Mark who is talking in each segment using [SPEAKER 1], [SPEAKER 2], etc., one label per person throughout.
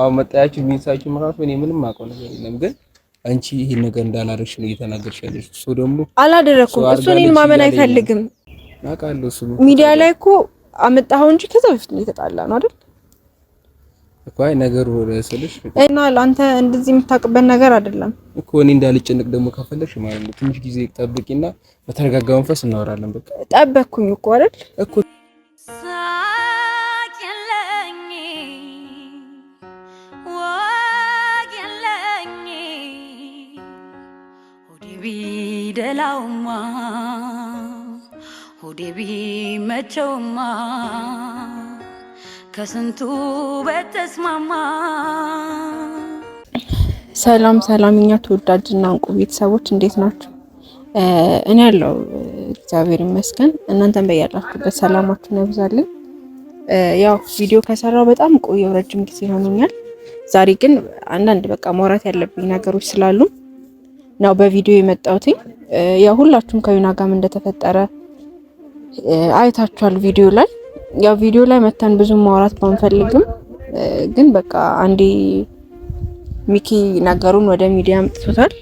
[SPEAKER 1] አሁን መጣያችሁ የሚንሳችሁ ምራቱ እኔ ምንም አውቀው ነገር የለም ግን አንቺ ይሄን ነገር እንዳላደረግሽ ነው እየተናገርሽ ያለሽ። እሱ ደግሞ
[SPEAKER 2] አላደረኩም። እሱ እኔን ማመን አይፈልግም። አውቃለሁ። እሱ ሚዲያ ላይ እኮ አመጣኸው እንጂ ከዛ በፊት ነው የተጣላ ነው አይደል?
[SPEAKER 1] እኮ አይ ነገሩ ስለሽ
[SPEAKER 2] እና አንተ እንደዚህ የምታውቅበት ነገር አይደለም
[SPEAKER 1] እኮ። እኔ እንዳልጨነቅ ደግሞ ከፈለግሽ ማለት ነው ትንሽ ጊዜ ጠብቂና በተረጋጋ መንፈስ እናወራለን። በቃ
[SPEAKER 2] ጠበቅኩኝ እኮ አይደል እኮ ቢደላውማ ሆዴ ቢመቸውማ ከስንቱ በተስማማ። ሰላም ሰላም፣ እኛ ተወዳጅና እንቁ ቤተሰቦች እንዴት ናቸው? እኔ ያለው እግዚአብሔር ይመስገን። እናንተን በያላችሁበት ሰላማችሁ ነብዛለን። ያው ቪዲዮ ከሰራው በጣም ቆየው፣ ረጅም ጊዜ ሆኖኛል። ዛሬ ግን አንዳንድ በቃ ማውራት ያለብኝ ነገሮች ስላሉ ነው በቪዲዮ የመጣሁትኝ። ያው ሁላችሁም ከዩና ጋም እንደተፈጠረ አይታችኋል ቪዲዮ ላይ። ያው ቪዲዮ ላይ መተን ብዙ ማውራት ባንፈልግም ግን በቃ አንዴ ሚኪ ነገሩን ወደ ሚዲያ አምጥቶታል።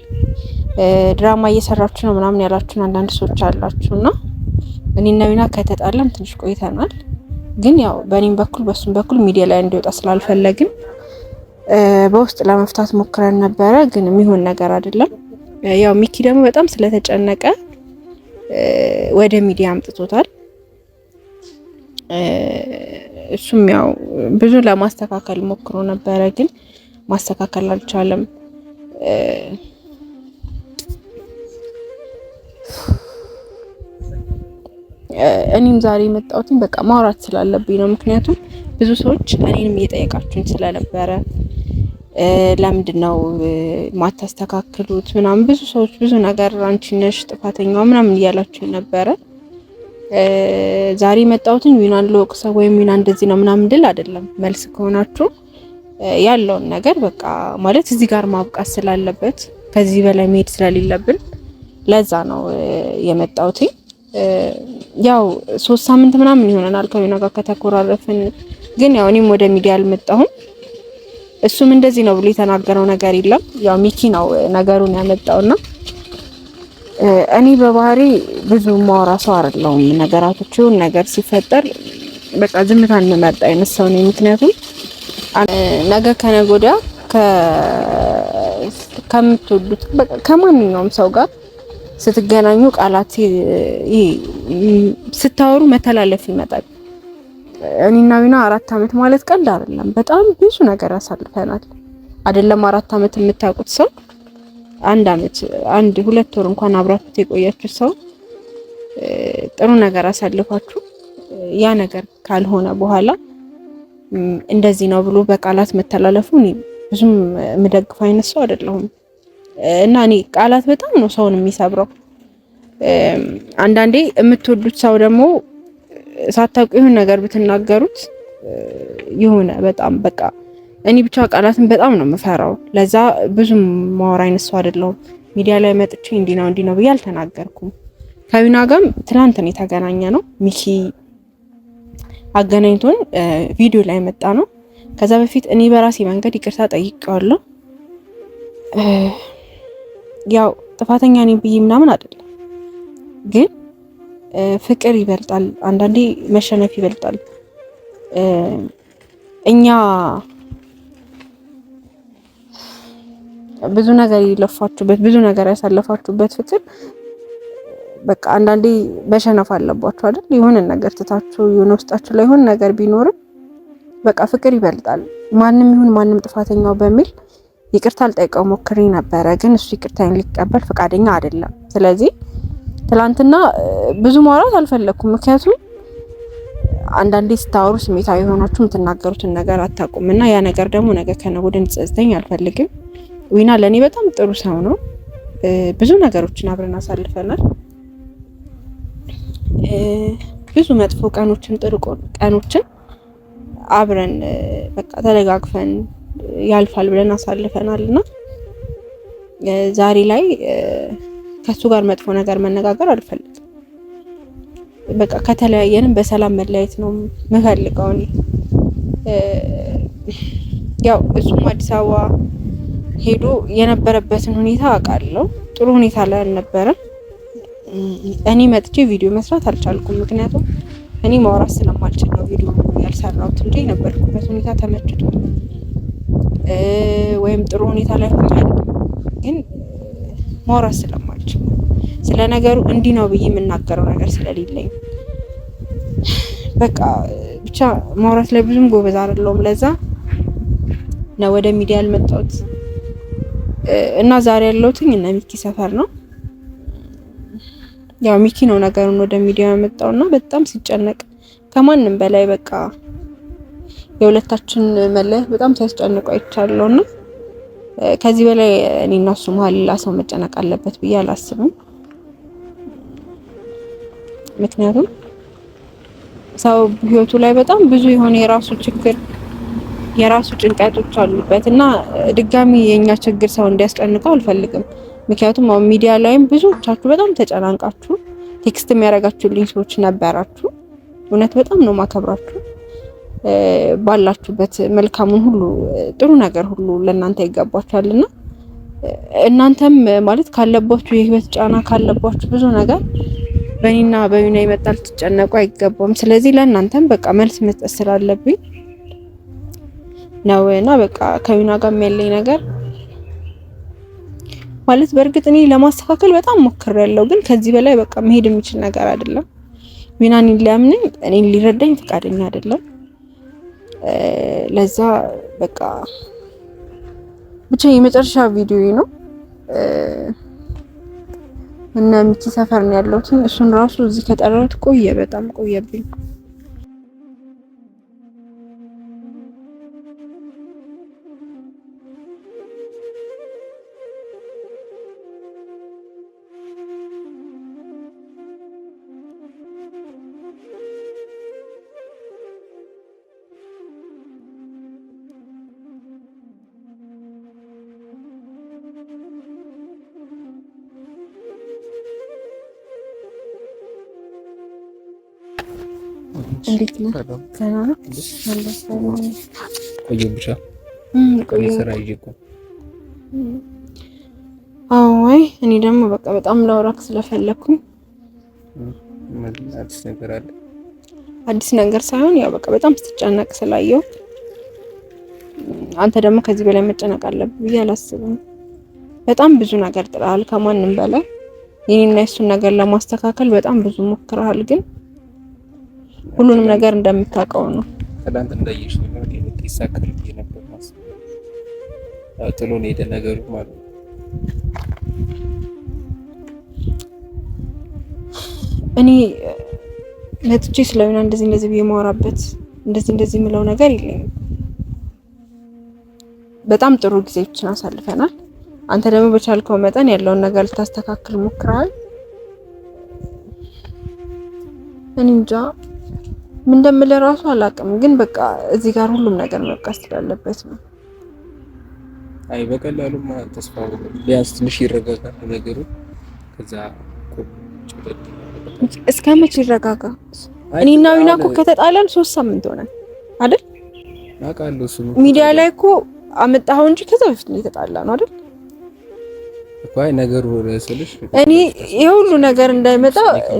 [SPEAKER 2] ድራማ እየሰራችሁ ነው ምናምን ያላችሁን አንዳንድ ሰዎች አላችሁና እኔና ዩና ከተጣለን ትንሽ ቆይተናል። ግን ያው በእኔም በኩል በሱም በኩል ሚዲያ ላይ እንዲወጣ ስላልፈለግን በውስጥ ለመፍታት ሞክረን ነበረ፣ ግን የሚሆን ነገር አይደለም። ያው ሚኪ ደግሞ በጣም ስለተጨነቀ ወደ ሚዲያ አምጥቶታል። እሱም ያው ብዙ ለማስተካከል ሞክሮ ነበረ፣ ግን ማስተካከል አልቻለም። እኔም ዛሬ የመጣሁትኝ በቃ ማውራት ስላለብኝ ነው። ምክንያቱም ብዙ ሰዎች እኔንም እየጠየቃችሁኝ ስለነበረ ለምንድን ነው ማታስተካክሉት? ምናምን ብዙ ሰዎች ብዙ ነገር አንቺ ነሽ ጥፋተኛዋ ምናምን እያላችሁ ነበረ። ዛሬ የመጣሁትን ዊናን ልወቅሰ ወይም ዊና እንደዚህ ነው ምናምን ድል አይደለም። መልስ ከሆናችሁ ያለውን ነገር በቃ ማለት እዚህ ጋር ማብቃት ስላለበት ከዚህ በላይ መሄድ ስለሌለብን ለዛ ነው የመጣሁት። ያው ሶስት ሳምንት ምናምን ይሆነናል ከዊና ጋር ከተኮራረፍን፣ ግን ያው እኔም ወደ ሚዲያ አልመጣሁም እሱም እንደዚህ ነው ብሎ የተናገረው ነገር የለም። ያው ሚኪ ነው ነገሩን ያመጣውና እኔ በባህሪ ብዙ ማውራ ሰው አይደለሁም። ነገራቶቹ ነገር ሲፈጠር በቃ ዝምታ እንመጣ አይነት ሰው ነኝ። ምክንያቱም ነገ ከነገ ወዲያ ከምትወዱት በቃ ከማንኛውም ሰው ጋር ስትገናኙ ቃላት ስታወሩ መተላለፍ ይመጣል። እኔና ዊና አራት አመት ማለት ቀልድ አይደለም። በጣም ብዙ ነገር አሳልፈናል። አይደለም አራት አመት የምታውቁት ሰው አንድ አመት አንድ ሁለት ወር እንኳን አብራችሁት የቆያችሁ ሰው ጥሩ ነገር አሳልፋችሁ ያ ነገር ካልሆነ በኋላ እንደዚህ ነው ብሎ በቃላት መተላለፉ እኔ ብዙም የምደግፍ አይነት ሰው አይደለሁም እና እኔ ቃላት በጣም ነው ሰውን የሚሰብረው። አንዳንዴ የምትወዱት ሰው ደግሞ ሳታውቁ ይሁን ነገር ብትናገሩት የሆነ በጣም በቃ እኔ ብቻ ቃላትን በጣም ነው የምፈራው። ለዛ ብዙም ማወራ አይነሱ አይደለሁም። ሚዲያ ላይ መጥቼ እንዲህ ነው እንዲህ ነው ብዬ አልተናገርኩም። ከዊና ጋም ትናንት ነው የተገናኘ ነው። ሚኪ አገናኝቶን ቪዲዮ ላይ መጣ ነው። ከዛ በፊት እኔ በራሴ መንገድ ይቅርታ ጠይቄዋለሁ። ያው ጥፋተኛ እኔ ብዬ ምናምን አይደለም ግን ፍቅር ይበልጣል፣ አንዳንዴ መሸነፍ ይበልጣል። እኛ ብዙ ነገር የለፋችሁበት ብዙ ነገር ያሳለፋችሁበት ፍቅር በቃ አንዳንዴ መሸነፍ አለባችሁ አይደል? የሆነ ነገር ትታችሁ የሆነ ውስጣችሁ ላይ የሆነ ነገር ቢኖርም በቃ ፍቅር ይበልጣል፣ ማንም ይሁን ማንም ጥፋተኛው በሚል ይቅርታ ልጠይቀው ሞክሬ ነበረ፣ ግን እሱ ይቅርታ ሊቀበል ፈቃደኛ አይደለም። ስለዚህ ትላንትና ብዙ ማውራት አልፈለግኩም። ምክንያቱም አንዳንዴ ስታወሩ ስሜታዊ የሆናችሁ የምትናገሩትን ነገር አታውቁም እና ያ ነገር ደግሞ ነገ ከነገ ወዲያ እንዲጸጽተኝ አልፈልግም። ዊና ለእኔ በጣም ጥሩ ሰው ነው። ብዙ ነገሮችን አብረን አሳልፈናል። ብዙ መጥፎ ቀኖችን፣ ጥሩ ቀኖችን አብረን በቃ ተደጋግፈን ያልፋል ብለን አሳልፈናል እና ዛሬ ላይ ከሱ ጋር መጥፎ ነገር መነጋገር አልፈልግም። በቃ ከተለያየንም በሰላም መለያየት ነው የምፈልገው እኔ። ያው እሱም አዲስ አበባ ሄዶ የነበረበትን ሁኔታ አውቃለሁ። ጥሩ ሁኔታ ላይ አልነበረም። እኔ መጥቼ ቪዲዮ መስራት አልቻልኩም። ምክንያቱም እኔ ማውራት ስለማልችል ነው ቪዲዮ ያልሰራሁት እንጂ የነበርኩበት ሁኔታ ተመችቶ ወይም ጥሩ ሁኔታ ላይ ግን ማውራት ስለማ አለች። ስለ ነገሩ እንዲህ ነው ብዬ የምናገረው ነገር ስለሌለኝ በቃ ብቻ ማውራት ላይ ብዙም ጎበዝ አይደለሁም። ለዛ ነው ወደ ሚዲያ ያልመጣሁት እና ዛሬ ያለሁት እነ ሚኪ ሰፈር ነው። ያው ሚኪ ነው ነገሩን ወደ ሚዲያ ያመጣው እና በጣም ሲጨነቅ ከማንም በላይ በቃ የሁለታችን መለያየት በጣም ሲያስጨንቀው አይቻለሁ እና ከዚህ በላይ እኔ እና እሱ መሀል ሌላ ሰው መጨነቅ አለበት ብዬ አላስብም። ምክንያቱም ሰው ህይወቱ ላይ በጣም ብዙ የሆነ የራሱ ችግር የራሱ ጭንቀቶች አሉበት እና ድጋሚ የኛ ችግር ሰው እንዲያስጨንቀው አልፈልግም። ምክንያቱም አሁን ሚዲያ ላይም ብዙዎቻችሁ በጣም ተጨናንቃችሁ ቴክስት የሚያደርጋችሁልኝ ሰዎች ነበራችሁ። እውነት በጣም ነው ማከብራችሁ። ባላችሁበት መልካሙን ሁሉ ጥሩ ነገር ሁሉ ለእናንተ ይገባችኋል እና እናንተም ማለት ካለባችሁ የህይወት ጫና ካለባችሁ ብዙ ነገር በእኔና በዩና ይመጣል ትጨነቁ አይገባም። ስለዚህ ለእናንተም በቃ መልስ መስጠት ስላለብኝ ነው እና በቃ ከዩና ጋር የሚያለኝ ነገር ማለት በእርግጥ እኔ ለማስተካከል በጣም ሞክሬያለሁ፣ ግን ከዚህ በላይ በቃ መሄድ የሚችል ነገር አይደለም። ዩና እኔን ሊያምነኝ እኔን ሊረዳኝ ፈቃደኛ አይደለም። ለዛ በቃ ብቻ የመጨረሻ ቪዲዮ ነው። እና ሚኪ ሰፈር ነው እሱን ራሱ እዚህ ከጠራሁት ቆየ፣ በጣም ቆየብኝ። እንዴት እኔ ደግሞ በቃ በጣም ላውራክ ስለፈለኩኝ አዲስ ነገር አለ። አዲስ ነገር ሳይሆን ያው በቃ በጣም ስትጨነቅ ስላየው አንተ ደግሞ ከዚህ በላይ መጨነቅ አለብህ ብዬ አላስብም። በጣም ብዙ ነገር ጥለሃል ከማንም በላይ የኔና የሱን ነገር ለማስተካከል በጣም ብዙ ሞክረሃል ግን ሁሉንም ነገር እንደምታውቀው ነው። ትናንት እንዳየሽ ይሳካል
[SPEAKER 1] ነበር ጥሎን ሄደ ነገሩ ማለት ነው።
[SPEAKER 2] እኔ መጥቼ ስለሆነ እንደዚህ እንደዚህ ብዬ የማወራበት እንደዚህ እንደዚህ የምለው ነገር የለኝም። በጣም ጥሩ ጊዜዎችን አሳልፈናል። አንተ ደግሞ በቻልከው መጠን ያለውን ነገር ልታስተካክል ሞክረሃል። እኔ እንጃ ምን እንደምልህ ራሱ አላውቅም፣ ግን በቃ እዚህ ጋር ሁሉም ነገር መብቃት ስላለበት ነው።
[SPEAKER 1] አይ በቀላሉ ተስፋ ቢያንስ ትንሽ ይረጋጋል ነገሩ። ከዛ
[SPEAKER 2] እስከ መቼ ይረጋጋ? እኔና ዊና እኮ ከተጣላን ሶስት ሳምንት ሆነ አይደል? ሚዲያ ላይ እኮ አመጣኸው እንጂ ከዛ በፊት ነው የተጣላ ነው አይደል? ነገሩ እኔ ይሄ ሁሉ ነገር እንዳይመጣ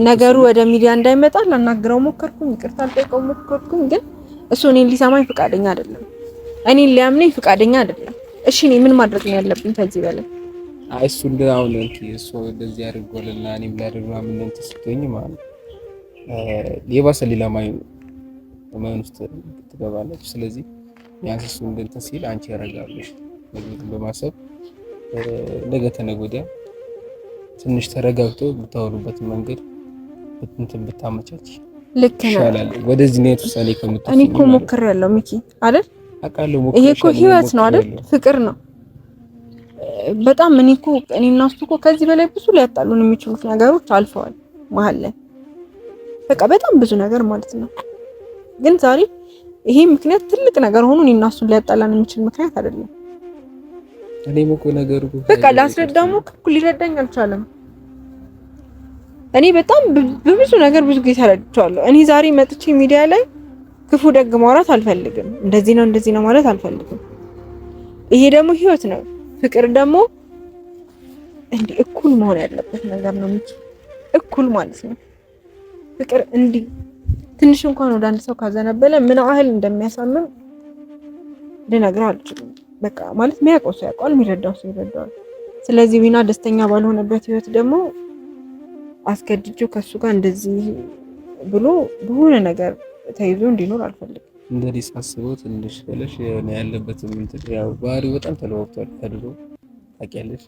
[SPEAKER 2] ነገሩ ወደ ሚዲያ እንዳይመጣ ላናግረው ሞከርኩኝ፣ ይቅርታ ልጠይቀው ሞከርኩኝ። ግን እሱ እኔን ሊሰማኝ ፍቃደኛ አይደለም፣ እኔን ሊያምነኝ ፍቃደኛ አይደለም። እሺ እኔ ምን ማድረግ ነው ያለብኝ ከዚህ በላይ?
[SPEAKER 1] አይ እሱ እንደ አሁን እንት እሱ እንደዚህ አድርጎልና እኔም ላደርጋ ምን እንት ስትሆኝ ማለት የባሰ ሌላ ማይ ማይን ውስጥ ትገባለች። ስለዚህ ያንስ እሱ እንደ እንትን ሲል አንቺ ያረጋለሽ በማሰብ ነገ ተነገ ወዲያ ትንሽ ተረጋግቶ ብታወሩበት መንገድ እንትን ብታመቻች ልክ ነው ወደዚህ ነው የተወሰነ ከምትል
[SPEAKER 2] እኔ እኮ ሞክሬያለሁ ሚኪ አይደል አውቃለሁ። ይሄ እኮ ህይወት ነው አይደል ፍቅር ነው። በጣም እኔ እኮ እኔ እና እሱ እኮ ከዚህ በላይ ብዙ ሊያጣሉን የሚችሉት ነገሮች አልፈዋል መሀል ላይ በቃ በጣም ብዙ ነገር ማለት ነው። ግን ዛሬ ይሄ ምክንያት ትልቅ ነገር ሆኖ እኔ እና እሱን ሊያጣላን የሚችል ምክንያት አይደለም።
[SPEAKER 1] እኔም እኮ ነገሩ
[SPEAKER 2] በቃ ላስረዳው ሞክ ሊረዳኝ አልቻለም። እኔ በጣም በብዙ ነገር ብዙ ጊዜ ተረድቻለሁ። እኔ ዛሬ መጥቼ ሚዲያ ላይ ክፉ ደግ ማውራት አልፈልግም። እንደዚህ ነው እንደዚህ ነው ማለት አልፈልግም። ይሄ ደግሞ ህይወት ነው። ፍቅር ደግሞ እንዲህ እኩል መሆን ያለበት ነገር ነው። እኩል ማለት ነው። ፍቅር እንዲህ ትንሽ እንኳን ወደ አንድ ሰው ካዘነበለ ምን ያህል እንደሚያሳምም ልነግርህ አልችልም። በቃ ማለት የሚያውቀው ሰው ያውቀዋል፣ የሚረዳው ሰው ይረዳዋል። ስለዚህ ዊና ደስተኛ ባልሆነበት ህይወት ደግሞ አስገድጄው ከእሱ ጋር እንደዚህ ብሎ በሆነ ነገር ተይዞ እንዲኖር አልፈልግም።
[SPEAKER 1] እንደዚህ ሳስበው ትንሽ ብለሽ ያለበት ባህሪው በጣም ተለዋውቷል ከድሮ ታውቂያለሽ።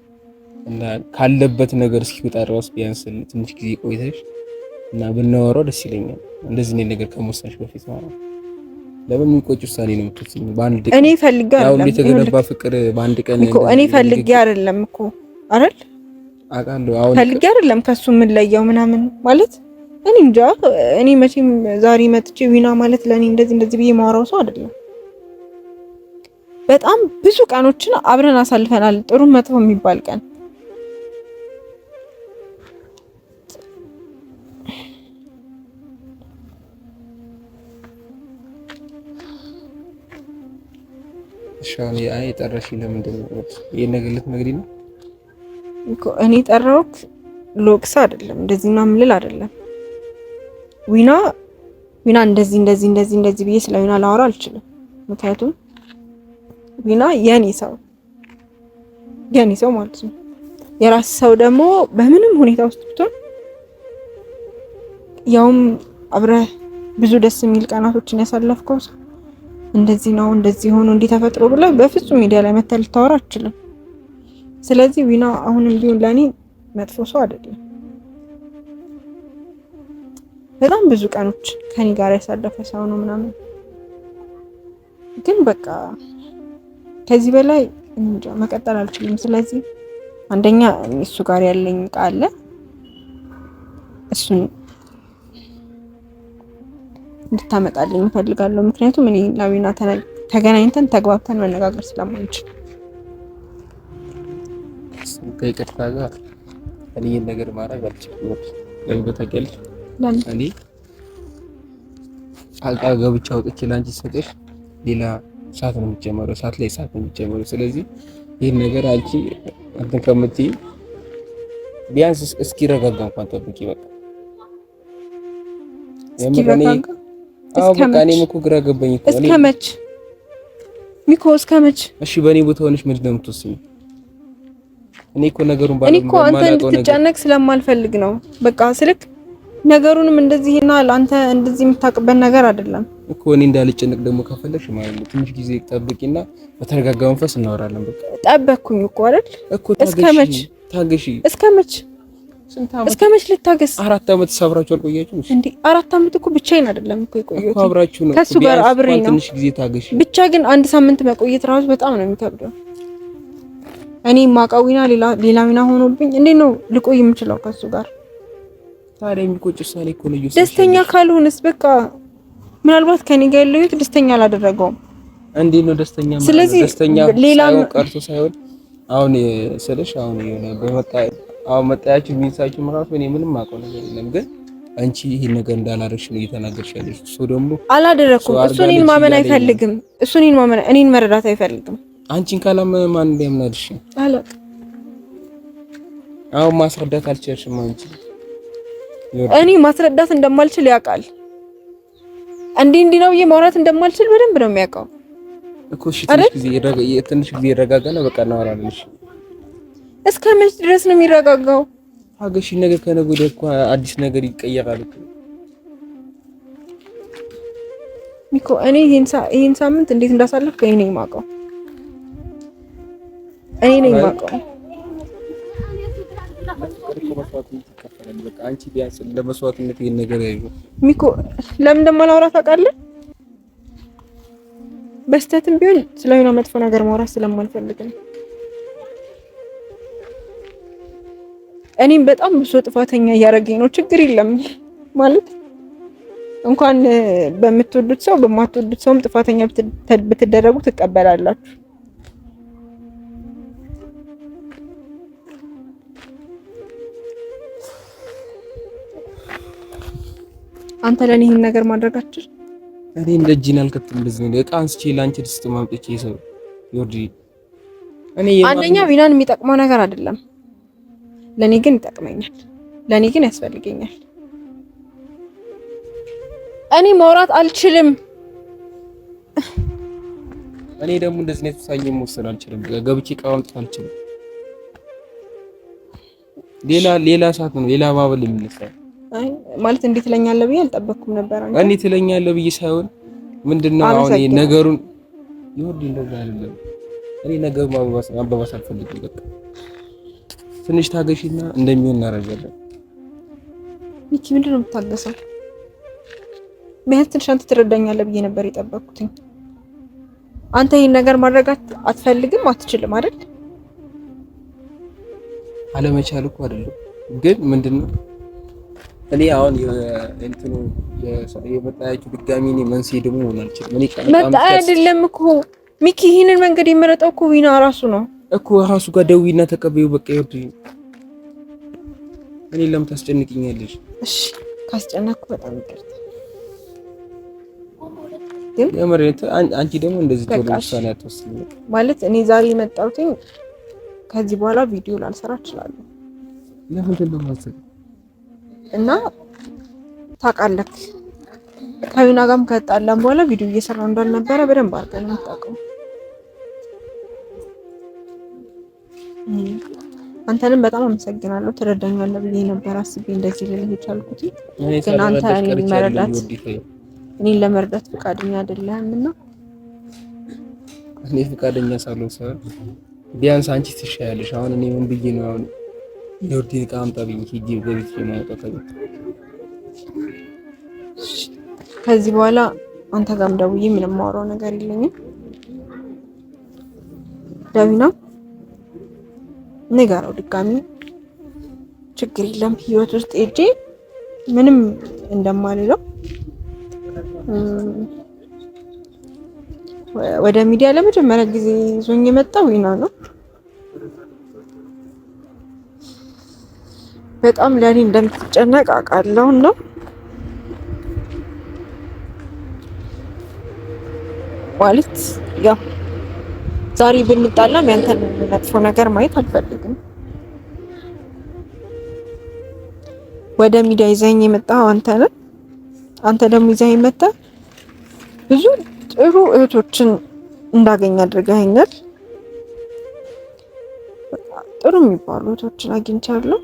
[SPEAKER 1] እና ካለበት ነገር እስኪወጣ ድረስ ቢያንስ ትንሽ ጊዜ ቆይተሽ እና ብናወራው ደስ ይለኛል። እንደዚህ ነገር ከመወሰንሽ በፊት ማለት ነው ለምን የሚቆጭ ውሳኔ ነው የምትወስኚው?
[SPEAKER 2] በአንድ ቀን እኔ ፈልጌ
[SPEAKER 1] አይደለም የተገነባ ፍቅር
[SPEAKER 2] በአንድ ቀን እኮ እኔ ፈልጌ አይደለም እኮ አይደል አውቃለሁ። አሁን ፈልጌ አይደለም ከሱ የምንለየው ምናምን ማለት እኔ እንጃ። እኔ መቼም ዛሬ መጥቼ ዊና ማለት ለእኔ እንደዚህ እንደዚህ ብዬ ማውራው ሰው አይደለም። በጣም ብዙ ቀኖችን አብረን አሳልፈናል፣ ጥሩ መጥፎ የሚባል ቀን
[SPEAKER 1] አሁን እኔ ጠራሽ ለምንድን ነው? የነገለት ነግሪ ነው
[SPEAKER 2] እኮ እኔ ጠራሁት። ሎቅስ አይደለም እንደዚህ ምናምን ልል አይደለም። ዊና ዊና እንደዚህ እንደዚህ እንደዚህ እንደዚህ ብዬ ስለ ዊና ላወራ አልችልም። ምክንያቱም ዊና የኔ ሰው የኔ ሰው ማለት ነው። የራስ ሰው ደግሞ በምንም ሁኔታ ውስጥ ብትሆን ያውም አብረህ ብዙ ደስ የሚል ቀናቶችን ያሳለፍከው ሰው እንደዚህ ነው እንደዚህ ሆኖ እንዲህ ተፈጥሮ ብላ በፍጹም ሚዲያ ላይ መታ ልታወራ አችልም። ስለዚህ ዊና አሁንም ቢሆን ለእኔ መጥፎ ሰው አይደለም። በጣም ብዙ ቀኖች ከኔ ጋር ያሳለፈ ሰው ነው ምናምን፣ ግን በቃ ከዚህ በላይ እንጃ መቀጠል አልችልም። ስለዚህ አንደኛ እሱ ጋር ያለኝ ቃለ እሱን እንድታመጣልኝ እፈልጋለሁ። ምክንያቱም እኔ ላዊና ተገናኝተን ተግባብተን መነጋገር ስለማንችል
[SPEAKER 1] ከይቅርታ ጋር እኔ ይህን ነገር ማድረግ ገብቼ አውጥቼ ለአንቺ ሰጥሽ ሌላ እሳት ነው የሚጨመረው፣ እሳት ላይ እሳት ነው የሚጨመረው። ስለዚህ ይህን ነገር አንቺ እንትን ከምትይ ቢያንስ እስኪረጋጋ እንኳን ጠብቂ በቃ
[SPEAKER 2] እስከ ሚኮ እስከመች
[SPEAKER 1] እሺ በእኔ ቦታ ሆነሽ ምንድን ነው እኔ እኮ ነገሩን
[SPEAKER 2] እኔ እኮ አንተ እንድትጨነቅ ስለማልፈልግ ነው። በቃ ስልክ ነገሩንም እንደዚህ ይናል። አንተ እንደዚህ የምታውቅበት ነገር አይደለም
[SPEAKER 1] እኮ። እኔ እንዳልጨነቅ ደግሞ ከፈለግሽ ማለት ነው ትንሽ ጊዜ ጠብቂና በተረጋጋ መንፈስ እናወራለን። በቃ
[SPEAKER 2] ጠበቅኩኝ እኮ
[SPEAKER 1] አይደል? ታገሺ?
[SPEAKER 2] እስከ መች ልታገስ?
[SPEAKER 1] አራት አመት አብራችሁ አልቆያችሁም
[SPEAKER 2] እንዴ? አራት አመት እኮ ብቻዬን አይደለም እኮ የቆየሁት አብራችሁ ነው። ከሱ ጋር አብሬ ነው።
[SPEAKER 1] ትንሽ ጊዜ ታገሽ
[SPEAKER 2] ብቻ። ግን አንድ ሳምንት መቆየት ራሱ በጣም ነው የሚከብደው። እኔ ማቃዊና ሌላ ሌላ ሚና ሆኖብኝ እንዴ ነው ልቆይ የምችለው ከሱ ጋር?
[SPEAKER 1] ታዲያ የሚቆጭ ውሳኔ እኮ ነው።
[SPEAKER 2] ደስተኛ ካልሆነስ በቃ ምናልባት ከኔ ጋር ያለሁት ደስተኛ አላደረገውም።
[SPEAKER 1] እንዴ ነው ደስተኛ ማለት ደስተኛ ሌላ ቀርቶ ሳይሆን አሁን ስልሽ አሁን የሆነ በመጣ አሁን መጣያችሁ ሚንሳችሁ ምራፍ እኔ ምንም አውቀው ነገር የለም ግን አንቺ ይሄን ነገር እንዳላደረግሽ ነው እየተናገርሽ ያለሽ። እሱ ደግሞ
[SPEAKER 2] አላደረኩም። እሱ እኔን ማመን አይፈልግም። እሱ እኔን ማመን እኔን መረዳት አይፈልግም።
[SPEAKER 1] አንቺን ካላመነ ማን እንደምናልሽ አላውቅም። አሁን ማስረዳት አልቻልሽም። አንቺ
[SPEAKER 2] እኔ ማስረዳት እንደማልችል ያውቃል። እንዲህ እንዲህ ነው ብዬ ማውራት እንደማልችል በደንብ ነው የሚያውቀው
[SPEAKER 1] እኮ። እሺ ትንሽ ጊዜ ይረጋጋና በቃ እናወራለን። እሺ
[SPEAKER 2] እስከ መች ድረስ ነው የሚረጋጋው?
[SPEAKER 1] ሀገሽ ነገር ከነገ ወዲያ እኮ አዲስ ነገር ይቀየራል እኮ
[SPEAKER 2] ሚኮ። እኔ ይሄን ሳምንት እንዴት እንዳሳለፍክ እኔ ነኝ የማውቀው፣ እኔ ነኝ የማውቀው።
[SPEAKER 1] አንቺ ቢያንስ ለመስዋዕትነት ይሄን ነገር ያዩ
[SPEAKER 2] ሚኮ፣ ለምን እንደማላወራ ታውቃለህ? በስተትም ቢሆን ስለሆነ መጥፎ ነገር ማውራት ስለማልፈልግ ነው። እኔም በጣም ብዙ ጥፋተኛ እያደረገኝ ነው። ችግር የለም ማለት እንኳን በምትወዱት ሰው በማትወዱት ሰውም ጥፋተኛ ብትደረጉ ትቀበላላችሁ። አንተ ለኔ ይሄን ነገር ማድረጋችን
[SPEAKER 1] እኔ እንደ እጅን አልከፍትም። በዚህ ነው እቃ አንስቼ ላንቺ ድስት ማምጥቼ ሰው ይወርድ
[SPEAKER 2] እኔ አንደኛ ቢናን የሚጠቅመው ነገር አይደለም። ለእኔ ግን ይጠቅመኛል፣ ለእኔ ግን ያስፈልገኛል። እኔ ማውራት አልችልም።
[SPEAKER 1] እኔ ደግሞ እንደዚህ ነው ተሳኝ መወሰን አልችልም። ገብቼ ቃውንት አልችልም። ሌላ ሌላ ሰዓት ነው ሌላ ባበል የሚነሳው
[SPEAKER 2] ማለት እንዴት ትለኛለህ ብዬ አልጠበኩም ነበር።
[SPEAKER 1] አንተ እንዴት ትለኛለህ ብዬ ሳይሆን ምንድነው አሁን ነገሩን ይወድ እንደዛ አይደለም። እኔ ነገር ማባባስ አልፈልግም በቃ ትንሽ ታገሽና እንደሚሆን እናደርጋለን።
[SPEAKER 2] ሚኪ ምንድን ነው የምታገሰው? ቢያንስ ትንሽ አንተ ትረዳኛለህ ብዬ ነበር የጠበቅኩትኝ። አንተ ይህን ነገር ማድረግ አትፈልግም አትችልም አይደል?
[SPEAKER 1] አለመቻል እኮ አይደለም ግን ምንድን ነው እኔ አሁን እንትኑ የመጣያችሁ ድጋሚ እኔ መንስኤ ደግሞ ሆናልችል
[SPEAKER 2] መጣያ አይደለም እኮ ሚኪ፣ ይህንን መንገድ የመረጠው እኮ ዊና ራሱ ነው።
[SPEAKER 1] እኮ ራሱ ጋር ደዊና ተቀበዩ። በቃ ይወዱኝ። እኔ ለምን ታስጨንቅኛለሽ?
[SPEAKER 2] እሺ ካስጨነቅኩ በጣም ይቅርታ።
[SPEAKER 1] አንቺ ደግሞ እንደዚህ
[SPEAKER 2] ቶሎ ውሳኔ አትወስኝ። ማለት እኔ ዛሬ የመጣሁት ከዚህ በኋላ ቪዲዮ ላልሰራ እችላለሁ።
[SPEAKER 1] ለምንድን ነው ማለት
[SPEAKER 2] እና ታውቃለህ፣ ከዩና ጋርም ከጣላም በኋላ ቪዲዮ እየሰራ እንዳልነበረ በደንብ አድርገን የምታውቀው አንተንም በጣም አመሰግናለሁ። ትረዳኛለህ ብዬ ነበር አስቤ እንደዚህ ልልህ የቻልኩት፣
[SPEAKER 1] ግን አንተ እኔን መረዳት
[SPEAKER 2] እኔን ለመርዳት ፈቃደኛ አይደለም እና
[SPEAKER 1] እኔ ፈቃደኛ ሳልሆን ሰው ቢያንስ አንቺ ትሻያለሽ። አሁን እኔ ምን ብዬ ነው አሁን የውድ ዕቃ አምጣ ብዬ ሂጂ ገብቼ ማውጣ ከቤት
[SPEAKER 2] ከዚህ በኋላ አንተ ጋርም ደውዬ ምንም ማውራው ነገር የለኝም ዳዊና ንገረው ድጋሚ ችግር የለም ህይወት ውስጥ ሄጄ ምንም እንደማልለው ወደ ሚዲያ ለመጀመሪያ ጊዜ ይዞኝ የመጣው ዊና ነው። በጣም ለእኔ እንደምትጨነቅ አውቃለሁ ነው ማለት ያው ዛሬ ብንጣላም ያንተን መጥፎ ነገር ማየት አልፈልግም። ወደ ሚዲያ ይዘኝ የመጣው አንተ ነ። አንተ ደግሞ ይዘኝ መጥተህ ብዙ ጥሩ እህቶችን እንዳገኝ አድርገኸኛል። ጥሩ የሚባሉ እህቶችን አግኝቻለሁ።